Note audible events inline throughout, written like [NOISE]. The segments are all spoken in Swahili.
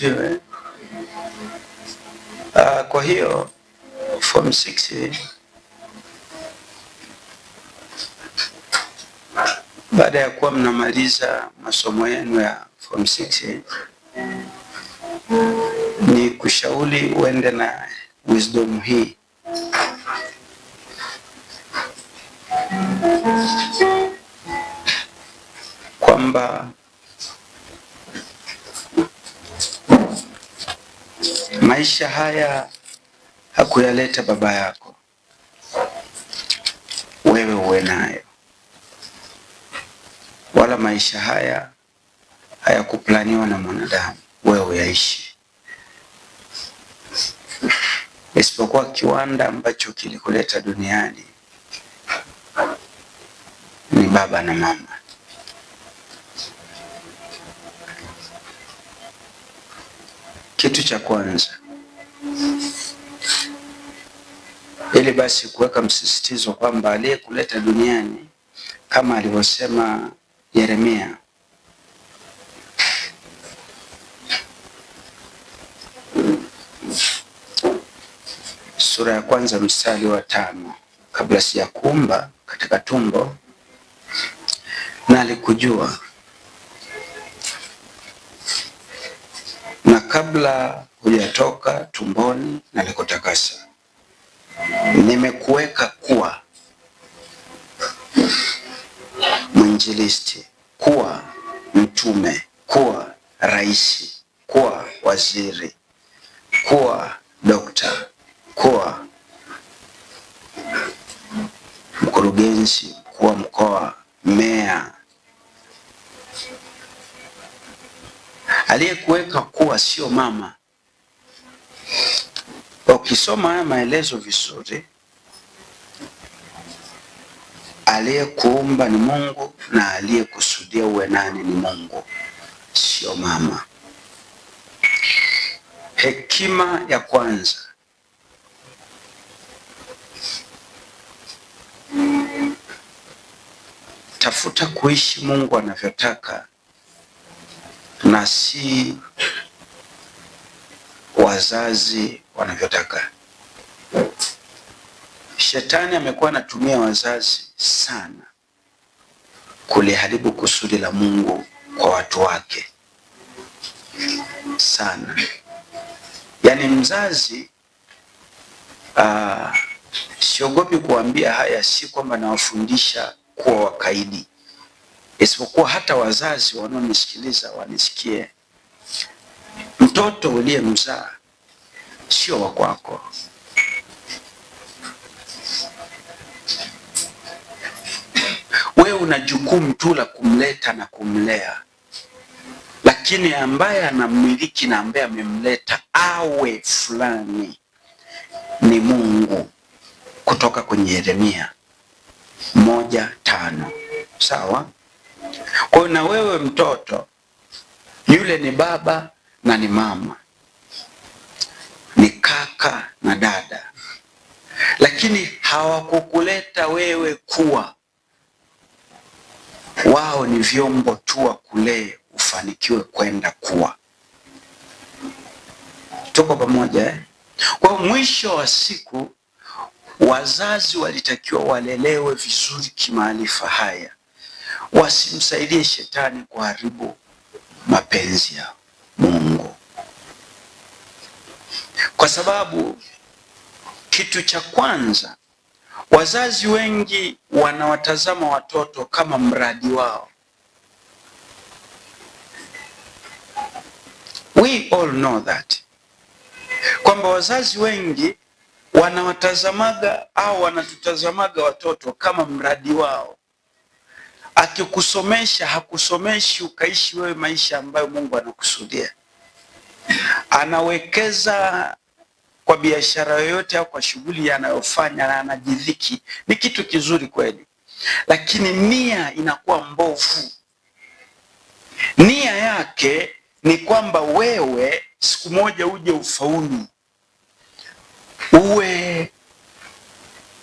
Asifiwe. Uh, ah, kwa hiyo form 6 baada ya kuwa mnamaliza masomo yenu ya form 6 ni kushauri uende na wisdom hii kwamba Maisha haya hakuyaleta baba yako, wewe uwe nayo, wala maisha haya hayakuplaniwa na mwanadamu, wewe uyaishi, isipokuwa kiwanda ambacho kilikuleta duniani ni baba na mama. Kitu cha kwanza ili basi kuweka msisitizo kwamba aliyekuleta duniani kama alivyosema Yeremia sura ya kwanza mstari wa tano kabla sijakuumba katika tumbo na alikujua, na kabla hujatoka tumboni na alikutakasa nimekuweka kuwa mwinjilisti, kuwa mtume, kuwa rais, kuwa waziri, kuwa dokta, kuwa mkurugenzi, kuwa mkoa, meya. Aliyekuweka kuwa sio mama Ukisoma haya maelezo vizuri, aliyekuumba ni Mungu na aliyekusudia uwe nani ni Mungu, sio mama. Hekima ya kwanza, tafuta kuishi Mungu anavyotaka na si wazazi wanavyotaka. Shetani amekuwa anatumia wazazi sana kuliharibu kusudi la Mungu kwa watu wake sana. Yaani mzazi uh, siogopi kuambia haya, si kwamba nawafundisha kuwa wakaidi, isipokuwa hata wazazi wanaonisikiliza wanisikie. Mtoto uliyemzaa sio wa kwako. Wewe una jukumu tu la kumleta na kumlea, lakini ambaye anamiliki na ambaye amemleta awe fulani ni Mungu, kutoka kwenye Yeremia moja tano. Sawa. Kwa na wewe mtoto yule ni baba na ni mama kaka na dada, lakini hawakukuleta wewe kuwa wao. Ni vyombo tu wa kulee ufanikiwe kwenda kuwa. Tuko pamoja eh? Kwa mwisho wa siku wazazi walitakiwa walelewe vizuri kimaarifa haya, wasimsaidie shetani kuharibu mapenzi ya Mungu kwa sababu kitu cha kwanza, wazazi wengi wanawatazama watoto kama mradi wao. We all know that kwamba wazazi wengi wanawatazamaga au wanatutazamaga watoto kama mradi wao. Akikusomesha hakusomeshi ukaishi wewe maisha ambayo Mungu anakusudia. Anawekeza kwa biashara yoyote au kwa shughuli anayofanya na anajidhiki, ni kitu kizuri kweli, lakini nia inakuwa mbovu. Nia yake ni kwamba wewe siku moja uje ufaulu, uwe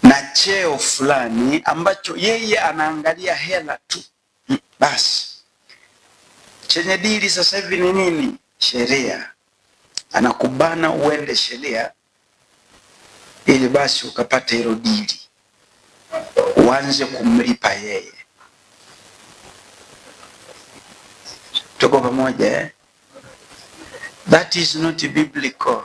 na cheo fulani ambacho yeye anaangalia hela tu. Mm, basi chenye dili sasa hivi ni nini? Sheria anakubana uende sheria ili basi ukapate hilo dili, uanze kumlipa yeye. Tuko pamoja eh? That is not biblical.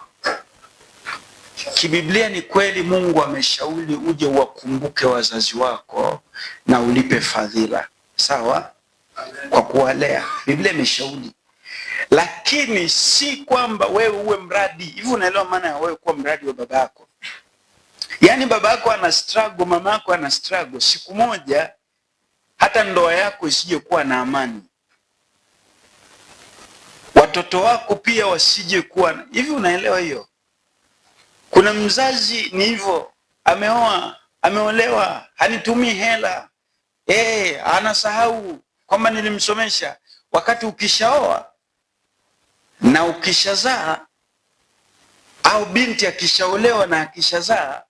Kibiblia ni kweli, Mungu ameshauri uje uwakumbuke wazazi wako na ulipe fadhila, sawa, kwa kuwalea. Biblia imeshauri, lakini si kwamba wewe uwe mradi hivi. Unaelewa maana ya wewe kuwa mradi wa baba yako? Yaani baba yako ana struggle, mama yako ana struggle, siku moja hata ndoa yako isije kuwa na amani, watoto wako pia wasije kuwa na... hivi. Unaelewa hiyo? Kuna mzazi ni hivyo, ameoa ameolewa, hanitumii hela e, anasahau kwamba nilimsomesha. Wakati ukishaoa na ukishazaa, au binti akishaolewa na akishazaa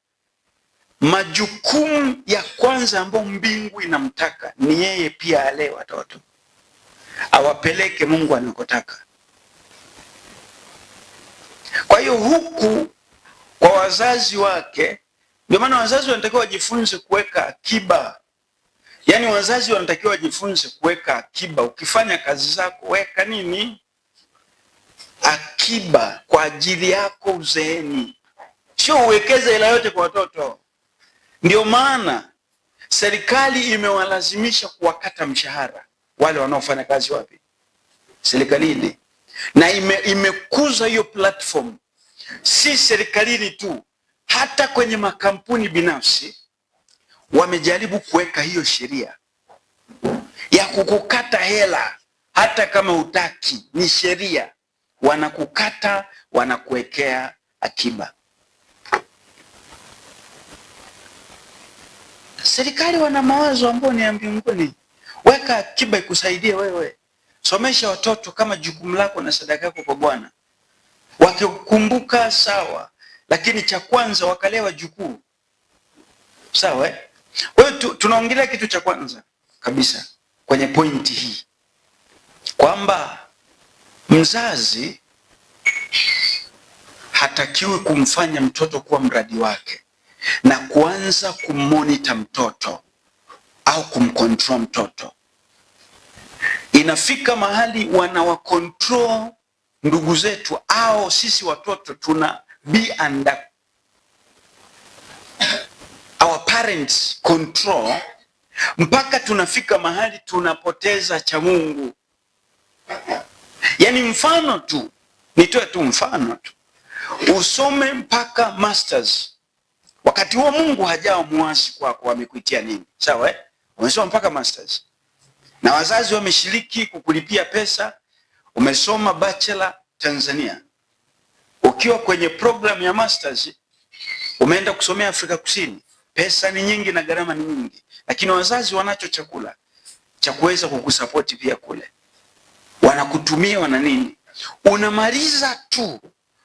Majukumu ya kwanza ambayo mbingu inamtaka ni yeye pia alee watoto, awapeleke Mungu anakotaka. Kwa hiyo huku kwa wazazi wake, ndio maana wazazi wanatakiwa wajifunze kuweka akiba. Yaani wazazi wanatakiwa wajifunze kuweka akiba. Ukifanya kazi zako, weka nini? Akiba kwa ajili yako uzeeni, sio uwekeze hela yote kwa watoto. Ndio maana serikali imewalazimisha kuwakata mshahara wale wanaofanya kazi wapi, serikalini, na ime, imekuza hiyo platform, si serikalini tu, hata kwenye makampuni binafsi wamejaribu kuweka hiyo sheria ya kukukata hela hata kama hutaki, ni sheria, wanakukata wanakuwekea akiba. Serikali wana mawazo ambayo ni ya mbinguni. Weka akiba ikusaidie wewe, somesha watoto kama jukumu lako na sadaka yako kwa Bwana. Wakikumbuka sawa, lakini cha kwanza wakalewa jukuu, sawa eh? wewe tu, tunaongelea kitu cha kwanza kabisa kwenye pointi hii kwamba mzazi hatakiwi kumfanya mtoto kuwa mradi wake na kuanza kumonita mtoto au kumcontrol mtoto. Inafika mahali wanawakontrol ndugu zetu au sisi watoto tuna be under our parents control, mpaka tunafika mahali tunapoteza cha Mungu. Yani mfano tu, nitoe tu mfano tu, usome mpaka masters Wakati huo Mungu hajao muasi kwako, amekuitia nini? Sawa eh? Umesoma mpaka masters na wazazi wameshiriki kukulipia pesa, umesoma bachelor Tanzania, ukiwa kwenye program ya masters umeenda kusomea Afrika Kusini. Pesa ni nyingi na gharama ni nyingi, lakini wazazi wanacho chakula cha kuweza kukusapoti pia kule, wanakutumia wana nini, unamaliza tu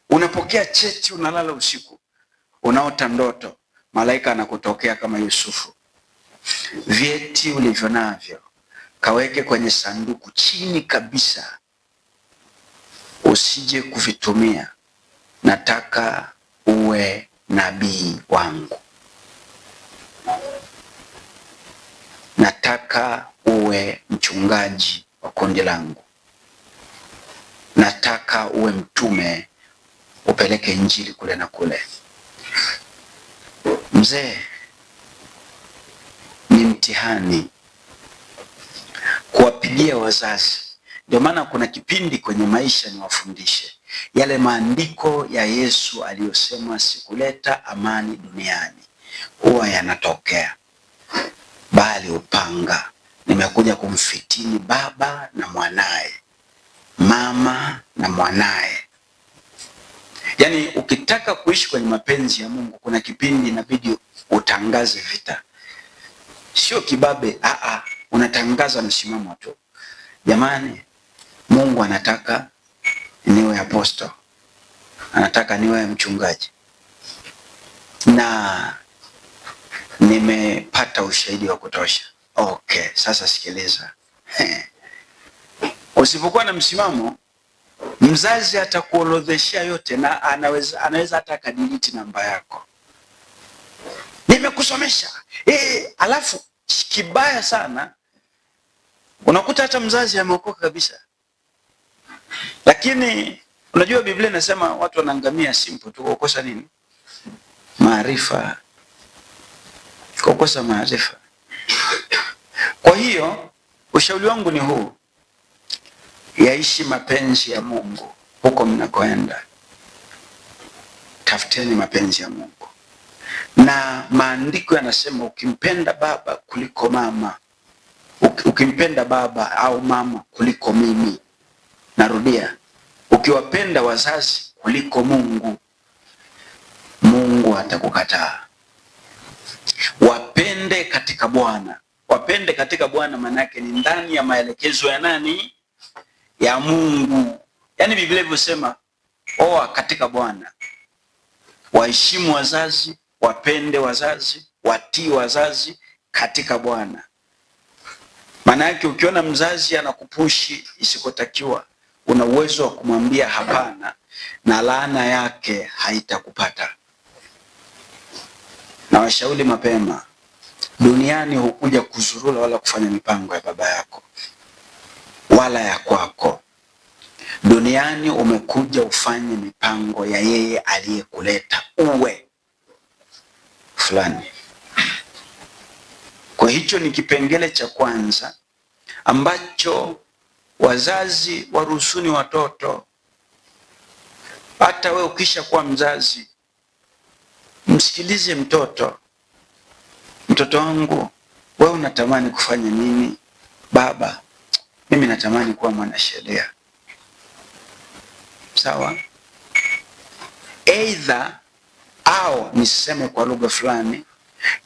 unapokea cheti, unalala usiku unaota ndoto, malaika anakutokea kama Yusufu. Vyeti ulivyo navyo kaweke kwenye sanduku chini kabisa, usije kuvitumia. Nataka uwe nabii wangu, nataka uwe mchungaji wa kundi langu, nataka uwe mtume, upeleke injili kule na kule. Mzee, ni mtihani kuwapigia wazazi. Ndio maana kuna kipindi kwenye maisha niwafundishe yale maandiko ya Yesu aliyosema sikuleta amani duniani, huwa yanatokea, bali upanga. Nimekuja kumfitini baba na mwanaye, mama na mwanaye Yaani ukitaka kuishi kwenye mapenzi ya Mungu kuna kipindi inabidi utangaze vita. Sio kibabe, Aa, ah, ah, unatangaza msimamo tu. Jamani, Mungu anataka niwe aposto Anataka niwe mchungaji. Na nimepata ushahidi wa kutosha. Okay, sasa sikiliza. [LAUGHS] Usipokuwa na msimamo Mzazi atakuorodheshea yote na anaweza, anaweza hata akadiriti namba yako, nimekusomesha eh. Alafu kibaya sana unakuta hata mzazi ameokoka kabisa, lakini unajua Biblia inasema watu wanaangamia simple tu kukosa nini? Maarifa, kukosa maarifa. Kwa hiyo ushauri wangu ni huu yaishi mapenzi ya Mungu huko mnakoenda. Tafuteni mapenzi ya Mungu, na maandiko yanasema ukimpenda baba kuliko mama, ukimpenda baba au mama kuliko mimi, narudia, ukiwapenda wazazi kuliko Mungu, Mungu atakukataa. Wapende katika Bwana, wapende katika Bwana maana yake ni ndani ya maelekezo ya nani? ya Mungu. Yaani Biblia ilivyosema, oa katika Bwana, waheshimu wazazi, wapende wazazi, watii wazazi katika Bwana. Maana yake ukiona mzazi anakupushi isikotakiwa, una uwezo wa kumwambia hapana, na laana yake haitakupata. Na washauri mapema, duniani hukuja kuzurula wala kufanya mipango ya baba yako wala ya kwako. Duniani umekuja ufanye mipango ya yeye aliyekuleta uwe fulani. Kwa hicho ni kipengele cha kwanza ambacho wazazi waruhusuni watoto. Hata wewe ukisha kuwa mzazi, msikilize mtoto. Mtoto wangu, wewe unatamani kufanya nini? Baba, mimi natamani kuwa mwanasheria, sawa? Aidha au niseme kwa lugha fulani,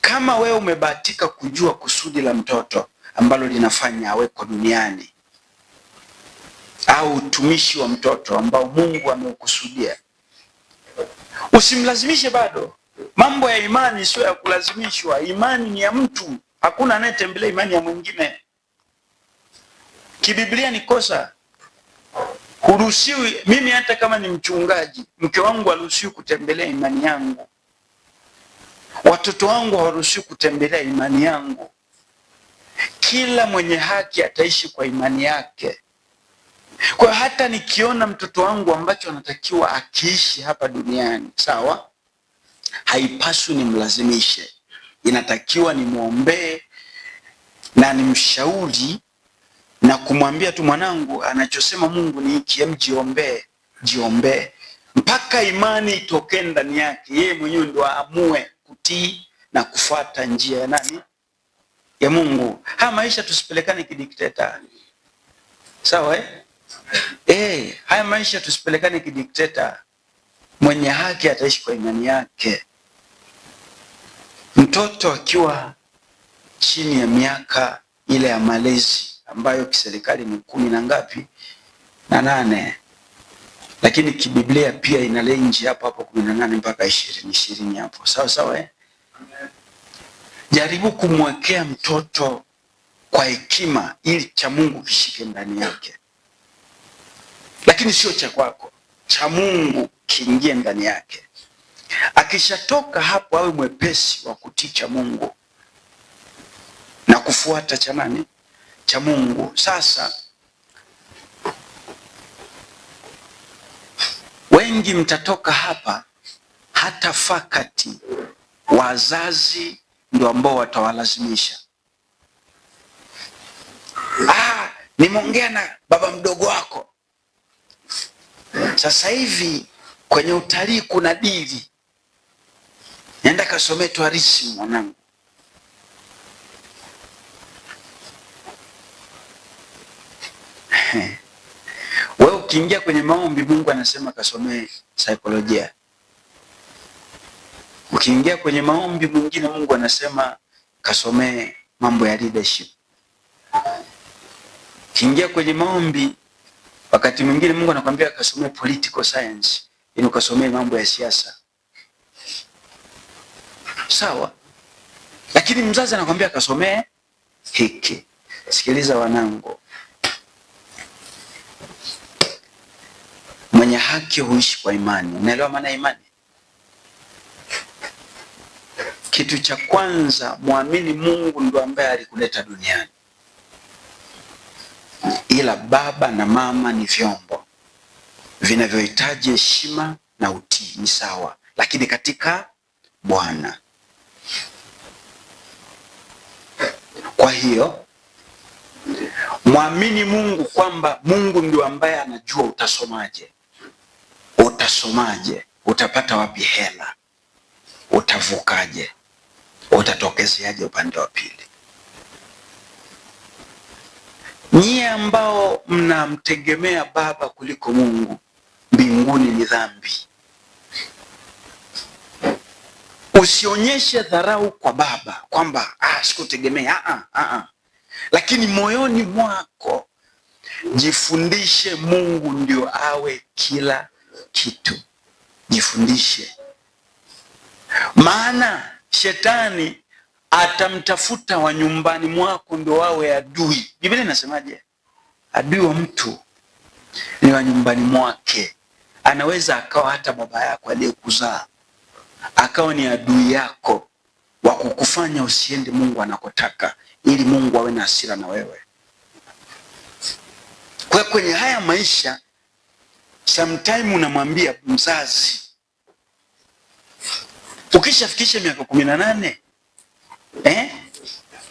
kama wewe umebahatika kujua kusudi la mtoto ambalo linafanya aweko duniani au utumishi wa mtoto ambao Mungu ameukusudia, usimlazimishe bado. Mambo ya imani sio ya kulazimishwa. Imani ni ya mtu, hakuna anayetembelea imani ya mwingine. Kibiblia ni kosa. Huruhusiwi, mimi hata kama ni mchungaji, mke wangu haruhusiwi kutembelea imani yangu, watoto wangu hawaruhusiwi kutembelea imani yangu. Kila mwenye haki ataishi kwa imani yake. Kwa hata nikiona mtoto wangu ambacho anatakiwa akiishi hapa duniani, sawa, haipaswi nimlazimishe, inatakiwa nimwombee na nimshauri na kumwambia tu, mwanangu, anachosema Mungu ni hiki, em, jiombee, mpaka imani itokee ndani yake, yeye mwenyewe ndio aamue kutii na kufuata njia ya nani? Ya Mungu. Haya maisha tusipelekane kidikteta, sawa eh? Eh, haya maisha tusipelekane kidikteta. Mwenye haki ataishi kwa imani yake. Mtoto akiwa chini ya miaka ile ya malezi ambayo kiserikali ni kumi na ngapi na nane, lakini kibiblia pia ina range hapo hapo kumi na nane mpaka ishirini ishirini hapo sawa sawa. Eh? Jaribu kumwekea mtoto kwa hekima, ili cha Mungu kishike ndani yake, lakini sio cha kwako, cha Mungu kiingie ndani yake. Akishatoka hapo awe mwepesi wa kutii cha Mungu na kufuata cha nani cha Mungu. Sasa wengi mtatoka hapa, hata fakati wazazi ndio ambao watawalazimisha. Ah, nimeongea na baba mdogo wako. Sasa hivi kwenye utalii kuna dili, nenda kasome tourism mwanangu Wewe ukiingia kwenye maombi, Mungu anasema kasomee saikolojia. Ukiingia kwenye maombi mwingine, Mungu anasema kasomee mambo ya leadership. Ukiingia kwenye maombi, wakati mwingine Mungu anakuambia kasomee political science, yaani ukasomee mambo ya siasa. Sawa, lakini mzazi anakuambia kasomee hiki. Sikiliza wanangu, Mwenye haki huishi kwa imani. Unaelewa maana imani? Kitu cha kwanza, mwamini Mungu ndo ambaye alikuleta duniani, ila baba na mama ni vyombo vinavyohitaji heshima na utii. Ni sawa, lakini katika Bwana. Kwa hiyo mwamini Mungu kwamba Mungu ndio ambaye anajua utasomaje Utasomaje? Utapata wapi hela? Utavukaje? Utatokezeaje upande wa pili? Nyie ambao mnamtegemea baba kuliko Mungu, mbinguni ni dhambi. Usionyeshe dharau kwa baba kwamba ah, sikutegemea ah, ah, ah, ah. lakini moyoni mwako jifundishe Mungu ndio awe kila kitu, jifundishe, maana shetani atamtafuta wa nyumbani mwako ndo wawe adui. Biblia inasemaje? Adui wa mtu ni wa nyumbani mwake. Anaweza akawa hata baba yako aliyekuzaa akawa ni adui yako wa kukufanya usiende Mungu anakotaka, ili Mungu awe na hasira na wewe. Kwa kwenye haya maisha sometime unamwambia mzazi, ukishafikisha miaka kumi na nane eh,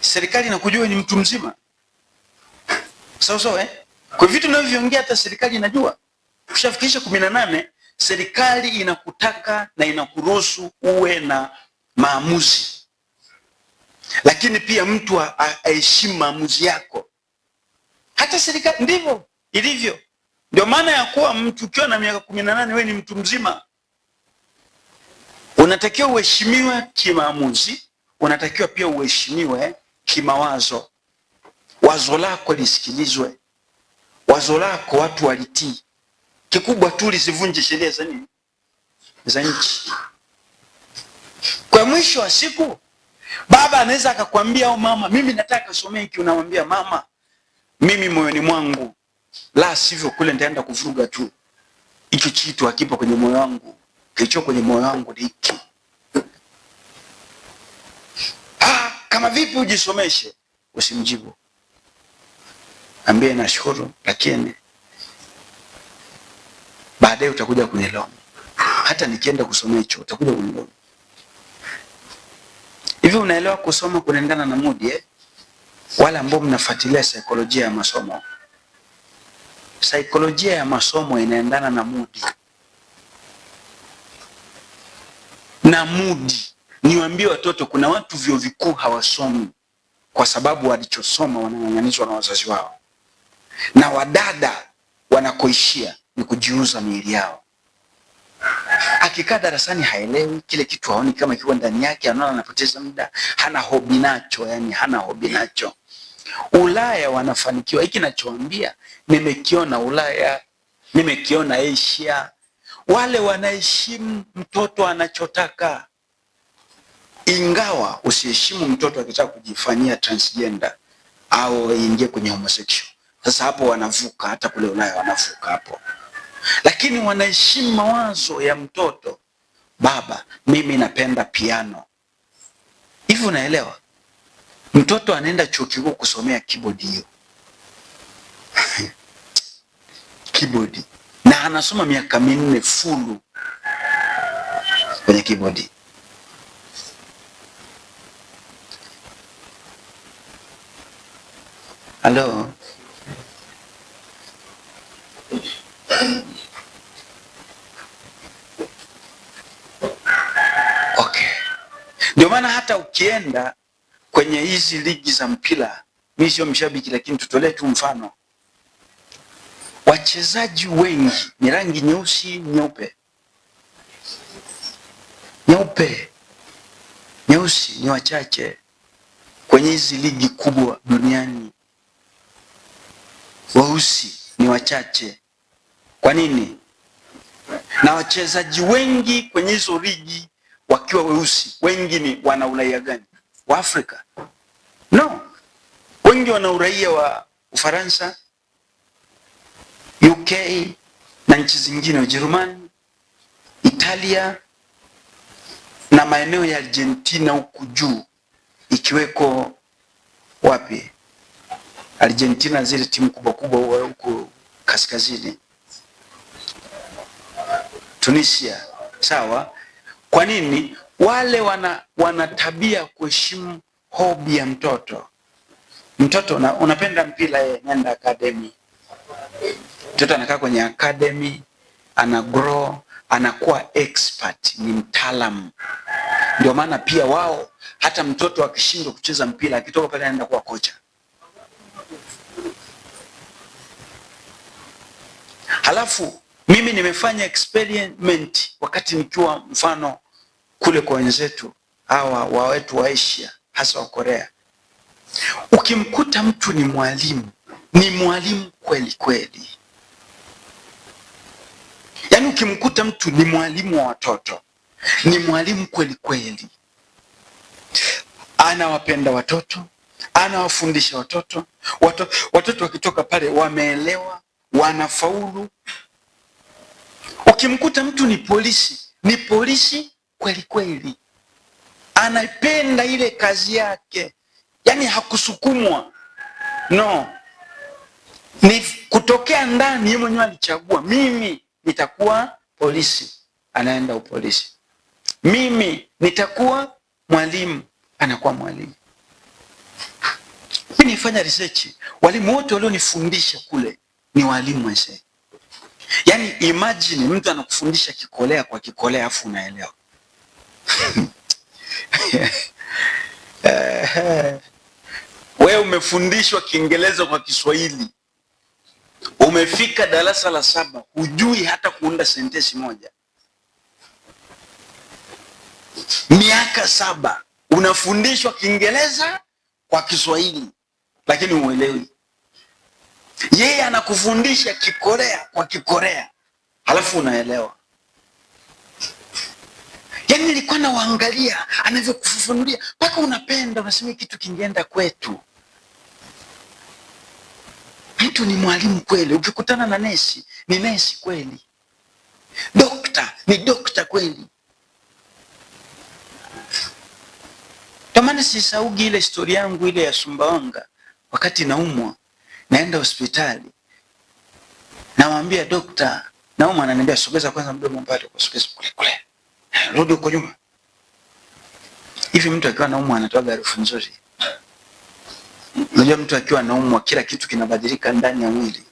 serikali inakujua ni mtu mzima sawa sawa eh? Kwa vitu ninavyoongea hata serikali inajua ukishafikisha kumi na nane serikali inakutaka na inakuruhusu uwe na maamuzi, lakini pia mtu aheshimu maamuzi yako. Hata serikali ndivyo ilivyo. Ndio maana ya kuwa mtu ukiwa na miaka kumi na nane wewe ni mtu mzima, unatakiwa uheshimiwe kimaamuzi, unatakiwa pia uheshimiwe kimawazo. Wazo lako lisikilizwe, wazo lako watu walitii. Kikubwa tu lisivunje sheria za nini, za nchi. Kwa mwisho wa siku, baba anaweza akakwambia au oh, mama, mimi nataka somee hiki. Unamwambia mama, mimi moyoni mwangu la sivyo kule ndaenda kuvuruga tu. Hicho kitu hakipo kwenye moyo wangu, kilicho kwenye moyo wangu ni hiki. Ah, kama vipi ujisomeshe? Usimjibu, ambie nashukuru, lakini baadaye utakuja kunilaumu. Hata nikienda kusomea hicho utakuja kunilaumu. Hivi unaelewa kusoma kunaendana na mudi eh? Wale ambao mnafuatilia saikolojia ya masomo Saikolojia ya masomo inaendana na mudi na mudi. Niwaambie watoto, kuna watu vyuo vikuu hawasomi kwa sababu walichosoma wananyanyaswa na wazazi wao, na wadada wanakoishia ni kujiuza miili yao. Akikaa darasani haelewi kile kitu, haoni kama kiko ndani yake, anaona anapoteza muda, hana hobi nacho, yani hana hobi nacho. Ulaya wanafanikiwa. Hiki nachoambia nimekiona Ulaya, nimekiona Asia. Wale wanaheshimu mtoto anachotaka, ingawa usiheshimu mtoto akitaka kujifanyia transgender au ingie kwenye homosexual. Sasa hapo wanavuka, hata kule Ulaya wanavuka hapo, lakini wanaheshimu mawazo ya mtoto. Baba, mimi napenda piano hivi, unaelewa? Mtoto anaenda chuo kikuu kusomea keyboard hiyo [LAUGHS] keyboard, na anasoma miaka minne fulu kwenye keyboard. Halo, okay. Ndio maana hata ukienda kwenye hizi ligi za mpira, mi sio mshabiki, lakini tutolee tu mfano, wachezaji wengi ni rangi nyeusi, nyeupe, nyeupe, nyeusi ni wachache kwenye hizi ligi kubwa duniani. Weusi ni wachache. Kwa nini? Na wachezaji wengi kwenye hizo ligi wakiwa weusi, wengi ni wana uraia gani? wa Afrika? No, wengi wana uraia wa Ufaransa, UK na nchi zingine, Ujerumani, Italia na maeneo ya Argentina huku juu, ikiweko wapi, Argentina, zile timu kubwa kubwa huko kaskazini, Tunisia. Sawa, kwa nini wale wana, wana tabia kuheshimu hobi ya mtoto. Mtoto una, unapenda mpira yeye, nenda academy. Mtoto anakaa kwenye academy, ana grow, anakuwa expert, ni mtaalamu. Ndio maana pia wao hata mtoto akishindwa kucheza mpira akitoka pale anaenda kuwa kocha. Halafu mimi nimefanya experiment wakati nikiwa mfano kule kwa wenzetu hawa wa wetu wa Asia hasa wa Korea. Ukimkuta mtu ni mwalimu, ni mwalimu kweli kweli, yaani ukimkuta mtu ni mwalimu wa watoto, ni mwalimu kweli kweli, anawapenda watoto, anawafundisha watoto, watoto, watoto wakitoka pale wameelewa, wanafaulu. Ukimkuta mtu ni polisi, ni polisi kweli kweli, anaipenda ile kazi yake, yani hakusukumwa no, ni kutokea ndani. Yeye mwenyewe alichagua, mimi nitakuwa polisi, anaenda upolisi. Mimi nitakuwa mwalimu, anakuwa mwalimu. Mimi nifanya research, walimu wote walionifundisha kule ni walimu wazee. Yani imagine mtu anakufundisha kikolea kwa kikolea afu unaelewa. [LAUGHS] wewe umefundishwa Kiingereza kwa Kiswahili, umefika darasa la saba, hujui hata kuunda sentensi moja. Miaka saba unafundishwa Kiingereza kwa Kiswahili, lakini uelewi Yeye anakufundisha Kikorea kwa Kikorea, halafu unaelewa yani nilikuwa nawaangalia anavyokufufunulia mpaka unapenda, unasema kitu kingeenda kwetu. Mtu ni mwalimu kweli, ukikutana na nesi ni nesi kweli, dokta ni dokta kweli. Tamani sisaugi ile historia yangu ile ya Sumbawanga, wakati naumwa naenda hospitali, nawambia dokta naumwa, ananiambia sogeza kwanza mdomo mbali, kusogeza kule kule Rudi huko nyuma. Hivi mtu akiwa anaumwa anatoa harufu nzuri? Unajua mtu akiwa anaumwa kila kitu kinabadilika ndani ya mwili.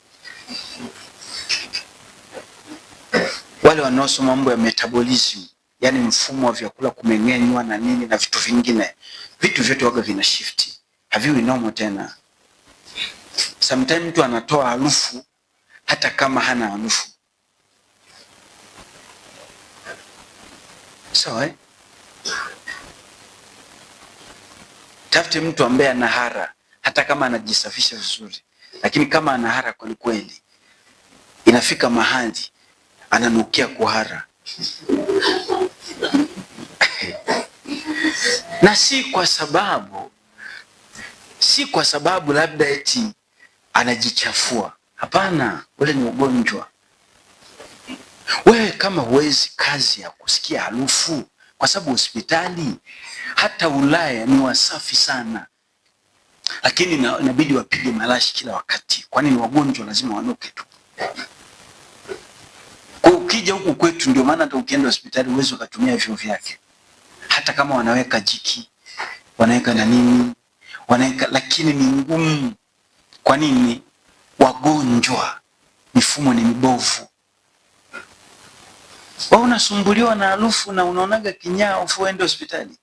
Wale wanaosoma mambo ya metabolism, yani mfumo wa vyakula kumeng'enywa na nini na vitu vingine, vitu vyote waga vina shift, haviwi normal tena. Sometimes mtu anatoa harufu hata kama hana harufu. Sawa eh? Tafute mtu ambaye ana hara, hata kama anajisafisha vizuri, lakini kama ana hara kweli kweli, inafika mahali ananukia kuhara [LAUGHS] na si kwa sababu si kwa sababu labda eti anajichafua. Hapana, ule ni ugonjwa. Wewe kama huwezi kazi ya kusikia harufu, kwa sababu hospitali hata Ulaya ni wasafi sana, lakini inabidi wapige marashi kila wakati. Kwani ni wagonjwa, lazima wanuke tu. Kwa ukija huku kwetu, ndio maana hata ukienda hospitali huwezi ukatumia vyo vyake, hata kama wanaweka jiki wanaweka na nini wanaweka, lakini ni ngumu. Kwa nini? Wagonjwa, mifumo ni mibovu. Wewe unasumbuliwa na harufu na unaonaga kinyaa ufu uende hospitali.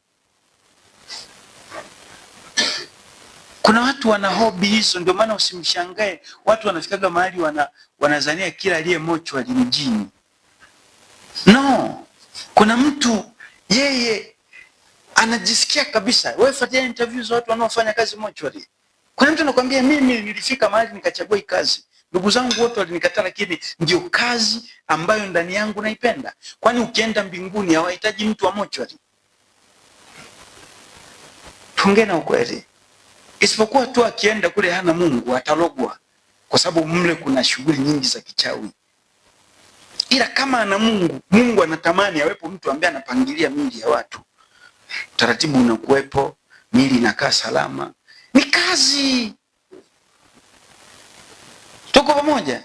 Kuna watu wana hobi hizo, ndio maana usimshangae watu wanafikaga mahali wana, wanazania kila aliye mochwari mjini. No, kuna mtu yeye anajisikia kabisa. Wewe fuatilia interview za watu wanaofanya kazi mochwari. Kuna mtu anakuambia mimi nilifika mahali nikachagua hii kazi Ndugu zangu wote walinikataa, lakini ndio kazi ambayo ndani yangu naipenda, kwani ukienda mbinguni hawahitaji mtu wa mochwari. Tuongee na ukweli, isipokuwa tu akienda kule hana Mungu atalogwa, kwa sababu mle kuna shughuli nyingi za kichawi. Ila kama ana Mungu, Mungu anatamani awepo mtu ambaye anapangilia miili ya watu, taratibu unakuwepo, miili inakaa salama. Ni kazi Tuko pamoja,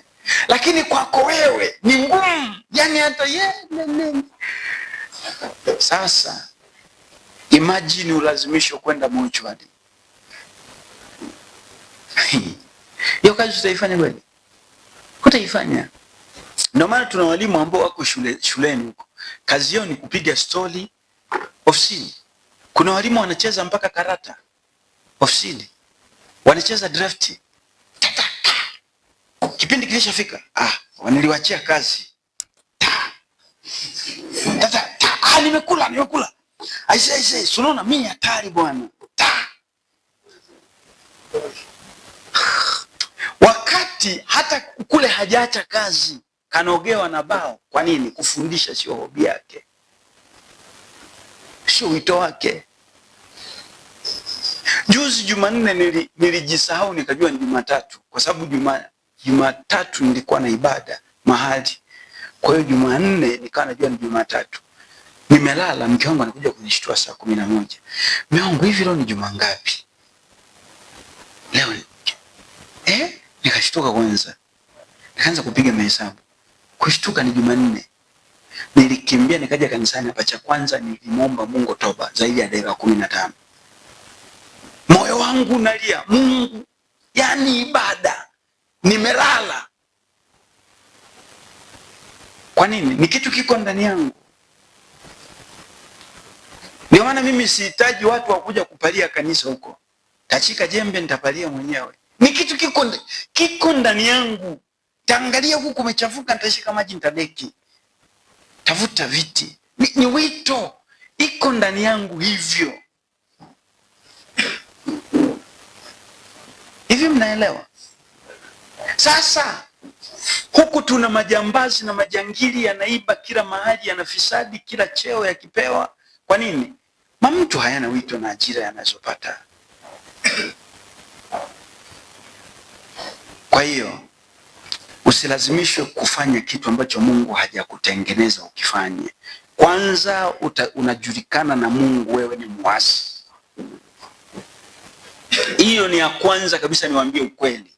lakini kwako wewe ni ngumu, yani hata ye sasa imagine ulazimisho kwenda mochwari. [LAUGHS] Hiyo kazi utaifanya kweli? Utaifanya? Ndio maana tuna walimu ambao wako shule, shuleni huko kazi yao ni kupiga stori ofisini. Kuna walimu wanacheza mpaka karata ofisini, wanacheza drafti Kipindi kilishafika, ah, waniliwachia kazi ta, Ah, nimekula nimekula, Aise aise, sunaona mimi hatari bwana. Wakati hata kule hajaacha kazi, kanogewa na bao. Kwa nini? Kufundisha sio hobi yake, sio wito wake. Juzi Jumanne nilijisahau nikajua ni Jumatatu kwa sababu juma Jumatatu nilikuwa na ibada mahali, kwa hiyo Jumanne nikawa najua ni Jumatatu. Nimelala, mke wangu anakuja kunishtua saa kumi na moja. Mume wangu, hivi leo ni juma ngapi? Leo eh? Nikashtuka kwanza, nikaanza kupiga mahesabu, kushtuka ni Jumanne. Nilikimbia nikaja kanisani hapa, cha kwanza nilimwomba Mungu toba zaidi ya dakika kumi na tano moyo wangu nalia Mungu, yani ibada nimelala. Kwa nini? Ni kitu kiko ndani yangu. Ndio maana mimi sihitaji watu wakuja kupalia kanisa huko, tachika jembe nitapalia mwenyewe. Ni kitu kiko kiko ndani yangu. Taangalia huku kumechafuka, nitashika maji nitadeki, tavuta viti. Ni, ni wito iko ndani yangu hivyo [COUGHS] hivi, mnaelewa? Sasa huku tuna majambazi na majangili yanaiba kila mahali, yana fisadi kila cheo yakipewa. Kwa nini mamtu hayana wito na ajira yanazopata? Kwa hiyo usilazimishwe kufanya kitu ambacho Mungu hajakutengeneza ukifanye. Kwanza uta, unajulikana na Mungu wewe ni mwasi. Hiyo ni ya kwanza kabisa, niwaambie ukweli.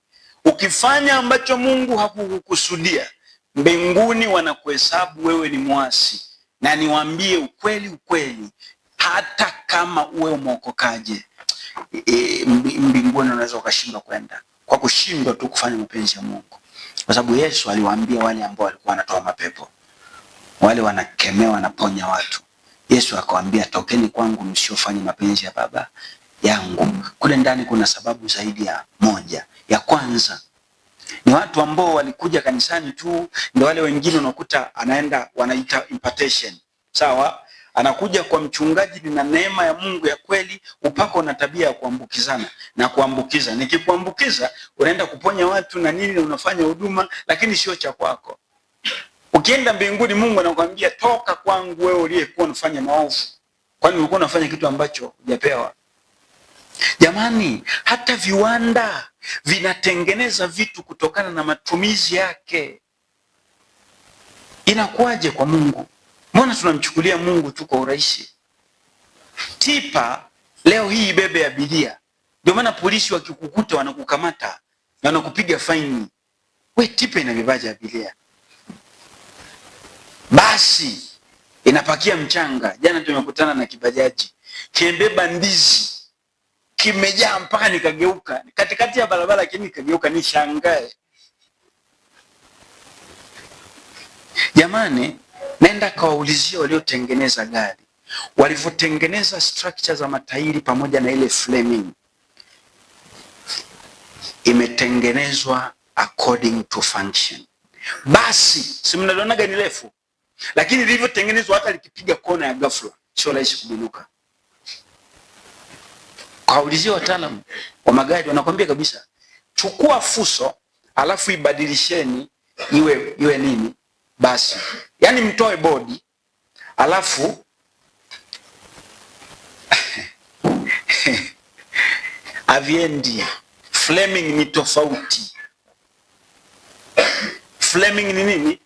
Ukifanya ambacho Mungu hakukukusudia, mbinguni wanakuhesabu wewe ni mwasi. Na niwaambie ukweli, ukweli, hata kama uwe umeokokaje, e, mbinguni unaweza ukashindwa kwenda kwa kushindwa tu kufanya mapenzi ya Mungu, kwa sababu Yesu aliwaambia wale ambao walikuwa wanatoa mapepo, wale wanakemewa na ponya watu, Yesu akawaambia tokeni kwangu, msiofanya mapenzi ya baba yangu. Kule ndani kuna sababu zaidi ya moja ya kwanza ni watu ambao walikuja kanisani tu, ndio wale wengine unakuta anaenda wanaita impartation. Sawa, anakuja kwa mchungaji, nina neema ya Mungu ya kweli, upako na tabia ya kuambukizana na kuambukiza. Nikikuambukiza unaenda kuponya watu na nini, unafanya huduma, lakini sio cha kwako. Ukienda mbinguni, Mungu anakuambia toka kwangu, wewe uliyekuwa unafanya maovu, kwani ulikuwa unafanya kitu ambacho hujapewa. Jamani, hata viwanda vinatengeneza vitu kutokana na matumizi yake. Inakuwaje kwa Mungu? Mbona tunamchukulia Mungu tu kwa urahisi? Tipa leo hii ibebe abiria. Ndio maana polisi wakikukuta wanakukamata na wanakupiga faini. We, tipa inabebaje abiria? Basi inapakia mchanga. Jana tumekutana na kibajaji kimebeba ndizi kimejaa mpaka nikageuka katikati ya barabara, lakini nikageuka nishangae. Jamani, nenda kawaulizia waliotengeneza gari walivyotengeneza structure za matairi pamoja na ile framing imetengenezwa according to function. Basi si mnalionaga ni refu, lakini lilivyotengenezwa hata likipiga kona ya ghafla sio rahisi kubinuka. Waulizie wataalamu wa magari, wanakwambia kabisa, chukua fuso alafu ibadilisheni iwe iwe nini basi, yani mtoe bodi alafu [LAUGHS] aviendi. Fleming ni tofauti. Fleming ni nini?